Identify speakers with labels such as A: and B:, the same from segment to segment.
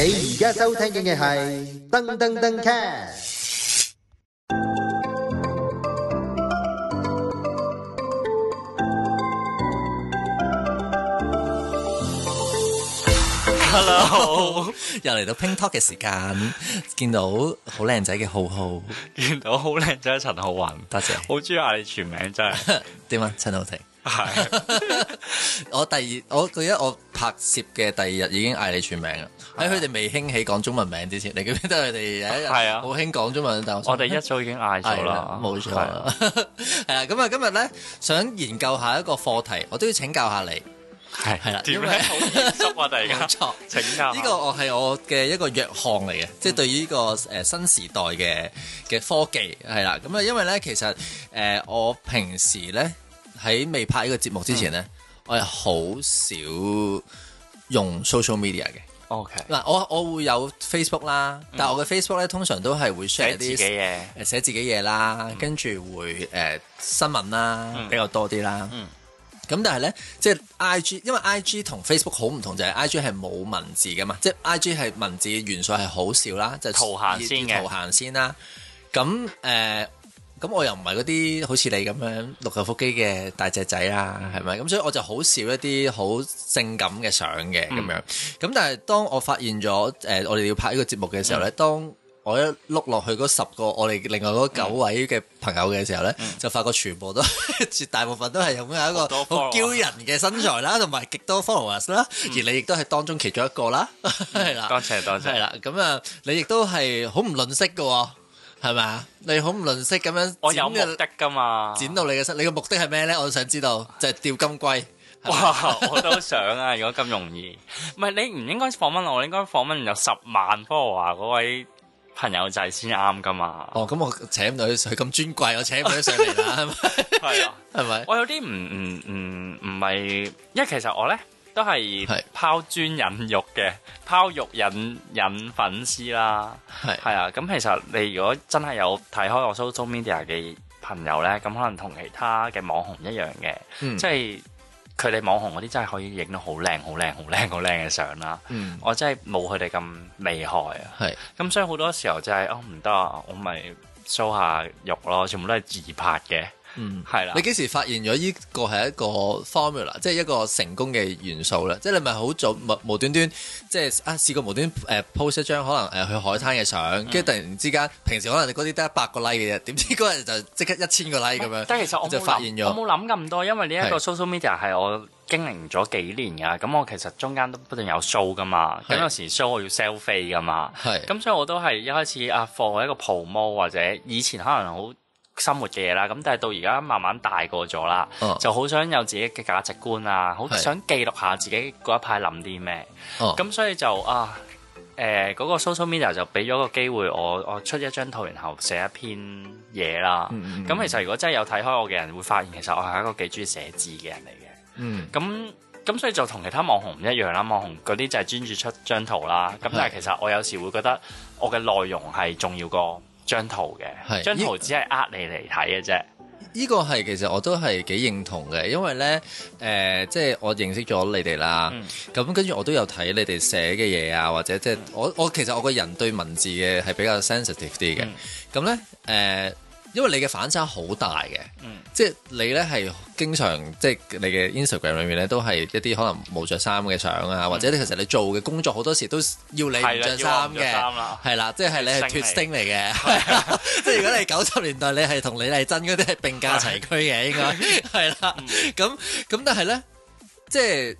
A: 你而家收聽嘅係噔噔噔
B: c a Hello，、oh, 又嚟到拼 talk 嘅時間， 見到好靚仔嘅浩浩，見到好靚仔嘅陳浩雲，多謝，好中意嗌你全名真係，點啊， 陳浩婷。係， 我第二，我佢一我拍攝嘅第二日已經嗌你全名啦。喺佢哋未興起講中文名之前，你記得佢哋一日係啊好興講中文。但我哋 一早已經嗌咗啦，冇錯、 哎。係啦，咁啊、 哎 哎，今日咧想研究下一個課題，我都要請教下你，係係啦。點解
A: 好嚴肅家錯，
B: 請教呢一個我係我嘅一個弱項嚟嘅，即係對於呢個誒新時代嘅嘅 科技係啦。咁啊，因為咧其實誒我、呃呃呃、平時咧。喺未拍呢個節目之前呢，嗯、我係好少用 social media 嘅。O K，嗱，我我會有 Facebook 啦，嗯、但係我嘅 Facebook 呢，通常都係會 share 啲寫自己嘢，嗯、寫自己嘢啦，跟住、嗯、會誒、呃、新聞啦、嗯、比較多啲啦。咁、嗯、但係呢，即、就、係、是、I G，因為 I G 同 Facebook 好唔同，就係 I G 係冇文字嘅嘛，即、就、係、是、I G 係文字嘅元素係好少啦，就係、圖行先嘅圖行先啦。咁誒。咁我又唔係嗰啲好似你咁樣六嚿腹肌嘅大隻仔啦，係咪？咁所以我就好少一啲好性感嘅相嘅咁樣。咁、嗯、但係當我發現咗誒、呃，我哋要拍呢個節目嘅時候咧，嗯、當我一碌落去嗰十個我哋另外嗰九位嘅朋友嘅時候咧，嗯、就發覺全部都絕大部分都係擁有一個好驕人嘅身材啦，同埋極多 followers 啦。嗯、而你亦都係當中其中一個啦，
A: 係 啦了，多
B: 謝多謝，係啦。咁啊、嗯，你亦都係好唔吝嗇嘅喎。係咪？你好唔吝嗇咁樣，我有目
A: 的噶嘛？剪
B: 到你嘅身，你嘅目的係咩咧？我想知道，就係、是、吊金龜。哇！我
A: 都想啊，如果咁容易，唔係你唔應該訪問我，我應該訪問有十萬棵啊嗰位朋友就仔先啱噶嘛？
B: 哦，咁我請佢咁尊貴，我請佢上嚟啦，
A: 係咪？我有啲唔唔唔唔係，因為其實我咧。都係拋磚引玉嘅，拋肉引引粉絲啦。係係啊，咁其實你如果真係有睇開我 social media 嘅朋友咧，咁可能同其他嘅網紅一樣嘅，即係佢哋網紅嗰啲真係可以影到好靚、好靚、好靚、好靚嘅相啦。嗯、我真係冇佢哋咁厲害啊。係咁的，所以好多時候就係、是、哦唔得，啊，我咪 show 下肉咯，全部都係自拍嘅。嗯，係啦。你幾
B: 時發現咗呢個係一個 formula，即係一個成功嘅元素咧？即係你咪好早無無端端，即係啊，試過無端端誒 post 一張可能誒去海灘嘅相，跟住、嗯、突然之間，平時可能你嗰啲得一百個 like 嘅啫，點知嗰日就即刻一千個 like 咁樣？但其實我冇
A: 諗咁多，因為呢一個 social media 係我經營咗幾年噶，咁是我其實中間都不定有 show 噶嘛，咁是有時 show 我要 sell 費噶嘛，咁是所以我都係一開始啊 f 一個 promo 或者以前可能好，生活嘅嘢啦，咁但係到而家慢慢大個咗啦，啊、就好想有自己嘅價值觀啊，好是想記錄下自己嗰一排諗啲咩，咁、啊、所以就啊，誒、呃、嗰、那個 social media 就俾咗個機會我，我出一張圖然後寫一篇嘢啦，咁、嗯、其實如果真係有睇開我嘅人會發現，其實我係一個幾中意寫字嘅人嚟嘅，嗯，咁咁所以就同其他網紅唔一樣啦，網紅嗰啲就係專注出張圖啦，咁但係其實我有時會覺得我嘅內容係重要過。張圖嘅，是張圖只係呃你嚟睇嘅啫。呢、這
B: 個係其實我都係幾認同嘅，因為咧，誒、呃，即係我認識咗你哋啦。咁、嗯、跟住我都有睇你哋寫嘅嘢啊，或者即係我、嗯、我其實我個人對文字嘅係比較 sensitive 啲嘅。咁咧、嗯，誒、呃。因為你嘅反差好大嘅，嗯、即係你咧係經常即係、就是、你嘅 Instagram 裏面咧都係一啲可能冇着衫嘅相啊，嗯、或者你其實你做嘅工作好多時都要你唔着衫嘅，係、嗯、啦，即係你係脫星嚟嘅，即係如果你九十年代你係同李麗珍嗰啲係並駕齊驅嘅 應該係啦，咁咁、嗯、但係咧，即係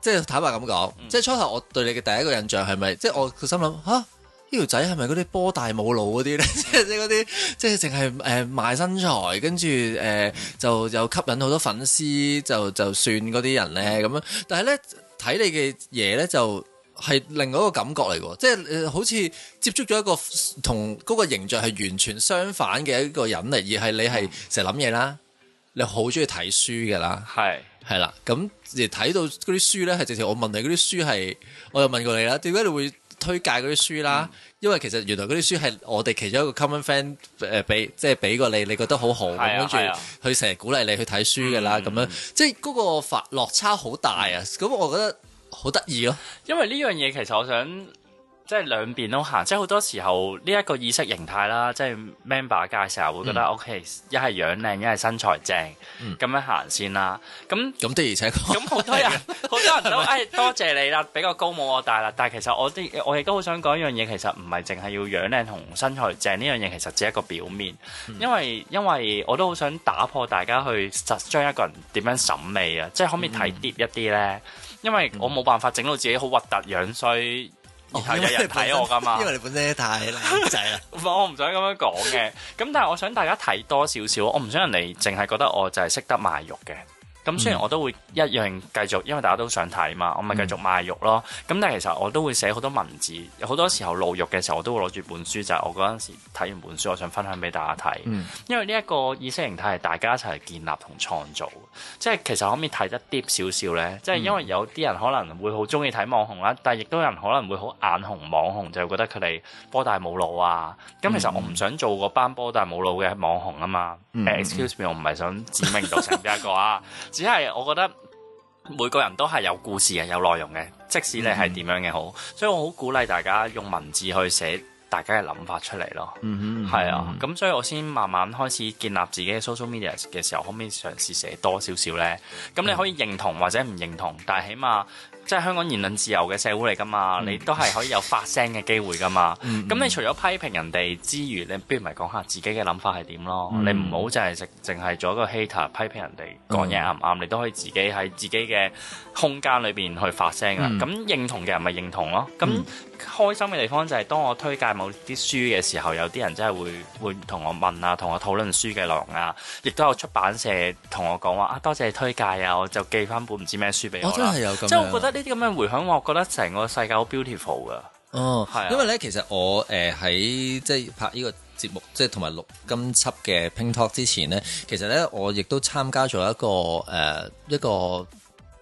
B: 即係坦白咁講，嗯、即係初頭我對你嘅第一個印象係咪即係我個心諗嚇？啊呢條仔係咪嗰啲波大冇腦嗰啲咧？即係即係嗰啲，即係淨係誒賣身材，跟住誒、呃、就又吸引好多粉絲，就就算嗰啲人咧咁樣。但係咧睇你嘅嘢咧，就係另外一個感覺嚟嘅，即係好似接觸咗一個同嗰個形象係完全相反嘅一個人嚟，而係你係成日諗嘢啦，你好中意睇書嘅啦，係係啦。咁而睇到嗰啲書咧，係直情我問你嗰啲書係，我又問過你啦，點解你會？推介嗰啲書啦，因為其實原來嗰啲書係我哋其中一個 common friend 誒、呃、俾，即係俾過你，你覺得好好，跟住佢成日鼓勵你去睇書㗎啦，咁、嗯、樣即係嗰個落差好大啊！咁、嗯、我覺得好
A: 得意咯，因為呢樣嘢其實我想。即係兩邊都行，即係好多時候呢一、這個意識形態啦，即係 member 嘅時候會覺得 OK，一係樣靚，一係、嗯 okay，身材正，咁、嗯、樣行先啦。咁咁的而且確，咁好多人好 多人都誒、哎，多謝你啦，比較高帽我大啦。但係其實我啲我亦都好想講一樣嘢，其實唔係淨係要樣靚同身材正呢樣嘢，其實只係一個表面，嗯、因為因為我都好想打破大家去實將一個人點樣審美啊，即係可唔可以睇 deep 一啲咧？因為我冇辦法整到自己好核突樣衰。嗯嗯。然後係有人睇我㗎嘛？因為你本身，
B: 你本身太靚仔啦。
A: 我唔想咁樣講嘅。咁但係我想大家睇多少少，我唔想人哋淨係覺得我就係識得賣肉嘅。咁雖然我都會一樣繼續，因為大家都想睇嘛，我咪繼續賣肉咯。咁但係其實我都會寫好多文字，好多時候露肉嘅時候，我都會攞住本書，就係、是、我嗰陣時睇完本書，我想分享俾大家睇。因為呢一個意識形態係大家一齊建立同創造，即係其實可唔可以睇得啲少少呢？即係因為有啲人可能會好中意睇網紅啦，但係亦都有人可能會好眼紅網紅，就覺得佢哋波大冇腦啊。咁其實我唔想做嗰班波大冇腦嘅網紅啊嘛。誒、嗯、excuse me，我唔係想指名道姓邊一個啊。 只係我覺得每個人都係有故事嘅、有內容嘅，即使你係點樣嘅好，嗯、哼所以我好鼓勵大家用文字去寫大家嘅諗法出嚟咯。嗯哼，係啊，咁、嗯、哼所以我先慢慢開始建立自己嘅 social media 嘅時候，可唔可以嘗試寫多少少呢？咁你可以認同或者唔認同，但係起碼。即係香港言論自由嘅社會嚟噶嘛，嗯、你都係可以有發聲嘅機會噶嘛。咁、嗯、你除咗批評人哋之餘，你不如咪講下自己嘅諗法係點咯？嗯、你唔好淨係食淨係做一個 hater 批評人哋講嘢啱唔啱，嗯、你都可以自己喺自己嘅空間裏邊去發聲啊。咁、嗯、認同嘅人咪認同咯。咁開心嘅地方就係當我推介某啲書嘅時候，有啲人真係會會同我問啊，同我討論書嘅內容啊，亦都有出版社同我講話啊，多謝推介啊，我就寄翻本唔知咩書俾我，我真係有咁樣，即我覺得。呢啲咁嘅回響，
B: 我覺得成個世界好 beautiful 噶。嗯，係。因為咧、嗯，其實我誒喺即係拍呢個節目，即係同埋錄今輯嘅 Ping Talk 之前咧，其實咧我亦都參加咗一個誒、呃、一個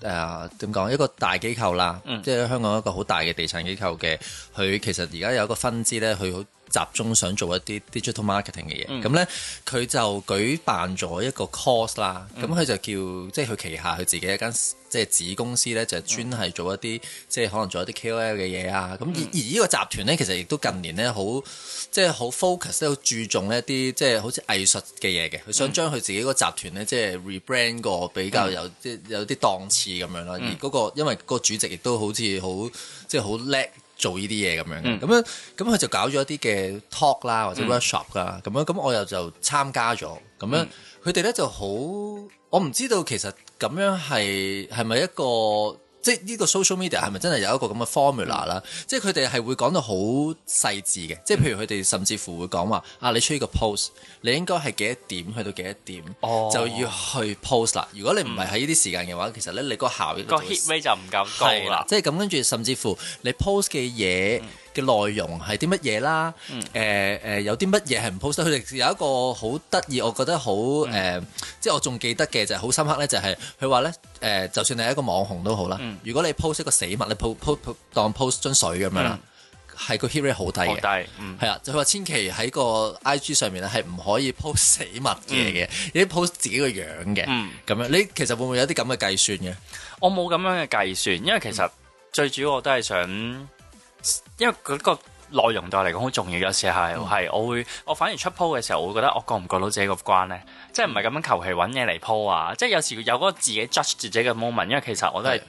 B: 誒點講一個大機構啦，嗯、即係香港一個好大嘅地產機構嘅。佢其實而家有一個分支咧，佢好。集中想做一啲 digital marketing 嘅嘢，咁呢、嗯，佢就舉辦咗一個 course 啦、嗯，咁佢就叫即係佢旗下佢自己一間即係子公司呢，就專係做一啲即係可能做一啲 KOL 嘅嘢啊。咁、嗯、而而呢個集團呢，其實亦都近年呢，好、就、即、是、係好 focus，都好注重一啲即係好似藝術嘅嘢嘅。佢、嗯、想將佢自己嗰個集團呢，即、就、係、是、rebrand 過比較有即、嗯、有啲檔次咁樣咯。嗯、而嗰、那個因為個主席亦都好似好即係好叻。就是做呢啲嘢咁樣，咁樣咁佢就搞咗一啲嘅 talk 啦，或者 workshop 啦、嗯，咁樣咁我又就參加咗，咁樣佢哋咧就好，我唔知道其實咁樣係係咪一個。即係呢個 social media 係咪真係有一個咁嘅 formula 啦、嗯？即係佢哋係會講到好細緻嘅，即係譬如佢哋甚至乎會講話啊，你出呢個 post，你應該係幾多點去到幾多點、哦、就要去 post 啦。如果你唔係喺呢啲時間嘅話，嗯、其實咧你個效益個 hit rate 就唔
A: 夠高啦。即係
B: 咁跟住，甚至乎你 post 嘅嘢。嗯嘅內容係啲乜嘢啦？誒誒、嗯呃呃，有啲乜嘢係唔 post？佢哋有一個好得意，我覺得好誒，即、呃、係、就係、我仲記得嘅就係、係、好深刻咧，就係佢話咧誒，就算你係一個網紅都好啦，嗯、如果你 post 一個死物，你 p po, post po, po，當 post 樽水咁樣啦，係、嗯、個 hit rate 好低嘅，係、哦嗯、啊，就佢話千祈喺個 IG 上面咧係唔可以 post 死物嘅嘢，而係、嗯啊嗯、post 自己個樣嘅咁、嗯、樣。你其實會唔會有啲咁嘅計算嘅？我冇咁樣嘅計算，因為其實
A: 最主要我都係想。因為佢個內容對我嚟講好重要，有時係係、嗯、我會我反而出 po 嘅時候，我會覺得我過唔過到自己個關呢？即係唔係咁樣求其搵嘢嚟 po 啊？即係有時有嗰個自己 judge 自己嘅 moment，因為其實我都係的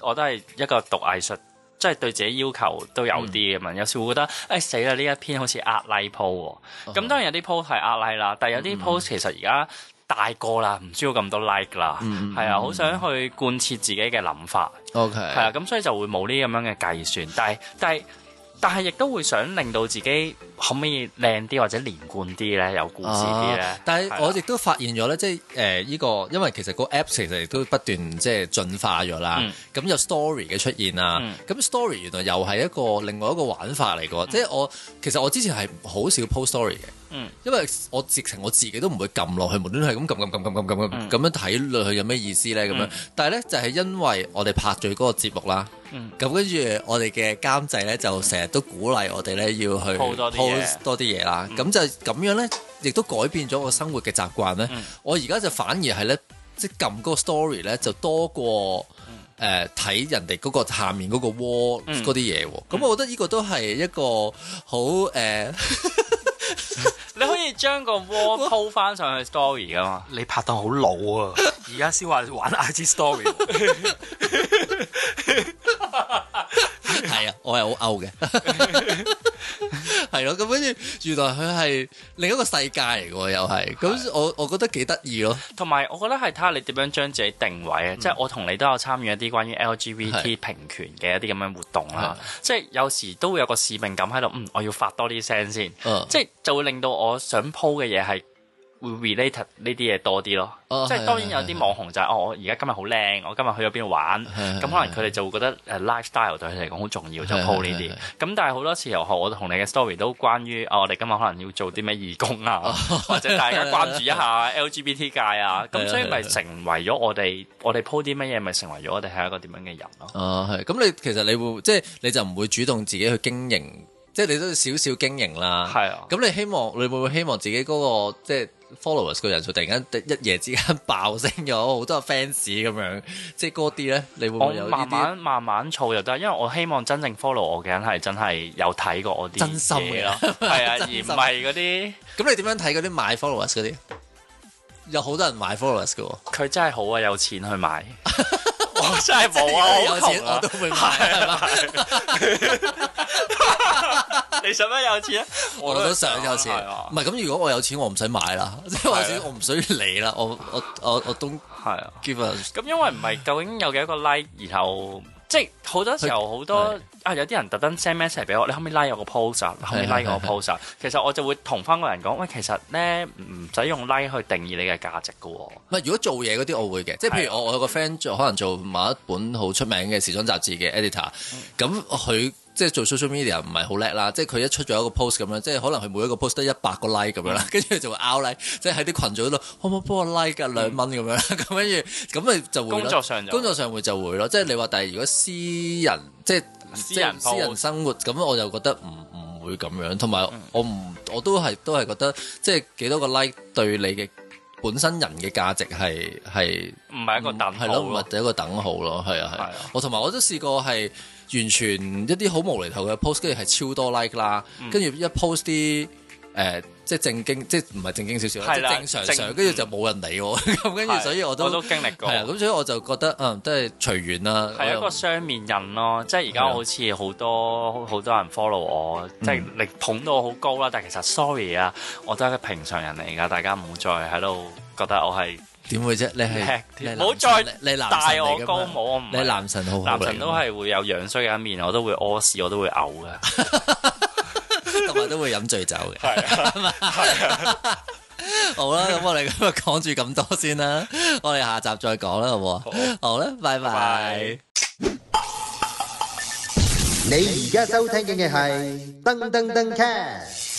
A: 我都係一個讀藝術，即、就、係、是、對自己要求都有啲嘅嘛。嗯、有時會覺得誒、哎、死啦，呢一篇好似壓力 po，咁當然有啲 po 係壓力啦，但係有啲 po 其實而家。嗯大個啦，唔需要咁多 like 啦，係、嗯、啊，好想去貫徹自己嘅諗法。
B: OK，係啊，
A: 咁所以就會冇呢咁樣嘅計算，但係但係但係亦都會想令到自己可唔可以
B: 靚啲或者連貫啲咧，有故事啲咧，啊。但係、啊、我亦都發現咗咧，即係誒呢個，因為其實個 apps 其實亦都不斷即係進化咗啦。咁、嗯、有 story 嘅出現啊，咁、嗯、story 原來又係一個另外一個玩法嚟嘅，嗯、即係我其實我之前係好少 post story 嘅。因為我直情我自己都唔會撳落去，無端端係咁撳撳撳撳撳撳撳咁樣睇落去有咩意思呢？咁樣，嗯、但係呢，就係、是、因為我哋拍咗嗰個節目啦，咁跟住我哋嘅監製呢，就成日都鼓勵我哋呢，要去 post 多啲嘢，多啲嘢啦。咁就咁樣呢，亦都改變咗我生活嘅習慣呢。嗯、我而家就反而係呢，即係撳嗰個 story 呢，就多過誒睇、嗯 uh, 人哋嗰個下面嗰個 wall 嗰啲嘢喎。咁、嗯嗯、我覺得呢個都係一個好誒。Uh,
A: 將個鑊鋪翻上去 story 噶嘛？你拍檔好老
B: 啊！而家先話玩 IG story，係啊，我係好 out 嘅。係咯，咁跟住原來佢係另一個世界嚟嘅，又係，咁的我我覺得幾得意咯。同埋，我
A: 覺得係睇下你點樣將自己定位啊，嗯、即係我同你都有參與一啲關於 LGBT 的平權嘅一啲咁樣活動啦。的即係有時都會有個使命感喺度，嗯，我要發多啲聲先，嗯、即係就會令到我想 po 嘅嘢係。會 relate 呢啲嘢多啲咯，即係當然有啲網紅就係哦，我而家今日好靚，我今日去咗邊度玩，咁可能佢哋就會覺得誒 lifestyle 對佢嚟講好重要，就 po 呢啲。咁但係好多時候，我同你嘅 story 都關於哦，我哋今日可能要做啲咩義工啊，或
B: 者大家關注一下
A: LGBT 界啊。咁所以咪成為咗我哋，我哋 po 啲乜嘢咪成為咗我哋係一個點樣嘅人
B: 咯。咁你其實你會即係你就唔會主動自己去經營，即係你都少少經營啦。係啊。咁你希望你會唔會希望自己嗰個即係？followers 個人數突然間一夜之間爆升咗，好多 fans 咁樣，即係嗰啲咧，你會唔會有呢啲？我慢慢慢慢湊
A: 又得，因為我希望真正 follow 我嘅人係真係有睇過我啲嘢，真心嘅咯。係啊，的而唔係嗰啲。
B: 咁 你點樣睇嗰啲買 followers 嗰啲？有好多人買 followers 嘅，佢真係好啊，有錢去買。
A: 我真係冇啊，我 有錢我都會買。你想咩？有錢啊？我都想有錢。
B: 唔係咁，如果我有錢，我唔使買啦。即係話，我唔使理你啦。我我我
A: 我都係啊。咁因為唔係究竟有幾多個 like，然後即係好多時候好多啊，有啲人特登 send message 俾我，你可唔可以 like 我個 post 啊，後面 like 我個 post 啊。其實我就會同翻個人講，喂，其實咧唔使用 like 去定義你嘅價值嘅
B: 喎、哦。如果做嘢嗰啲，我會嘅。即係譬如我是我有個 friend 做，可能做某一本好出名嘅時裝雜誌嘅 editor，咁佢、嗯。即係做 social media 唔係好叻啦，即係佢一出咗一個 post 咁樣，即係可能佢每一個 post 得一百個 like 咁樣啦，跟住就會 out like，即係喺啲群組度可唔可以幫我 like 兩蚊咁樣，咁跟住咁咪就會工作上工作上就會就會咯，即係你話，但係如果私人、嗯、即係私人私人生活咁，我就覺得唔唔會咁樣，同埋我唔、嗯、我，我都係都係覺得即係幾多個 like 對你嘅。本身人嘅價值係係唔係一個等號咯，或者、嗯、一個等號咯，係啊係。的我同埋我都試過係完全一啲好無厘頭嘅 post，跟住係超多 like 啦，嗯，跟住一 post 啲。誒，即係正經，即係唔係正經少少，即係正常正常，跟住就冇人理我，咁跟住，
A: 所以我都經歷過，係啊，
B: 咁所以我就覺得，嗯，都係隨緣啦。係一個
A: 雙面人咯，即係而家好似好多好多人 follow 我，即係你捧到我好高啦。但係其實，sorry 啊，我都係個平常人嚟噶，大家唔好再喺度覺得我係
B: 點會啫？你係唔好再你大我高帽，我唔係。你男神好男神都
A: 係會有樣衰嘅一面，我都會屙屎，我都會嘔噶。我都 會飲醉酒
B: 嘅，係啊，係啊，好啦，咁我哋今日講住咁多先啦， 我哋下集再講啦，好唔好？好啦，拜拜。 你而家收聽緊嘅係噔噔噔 c a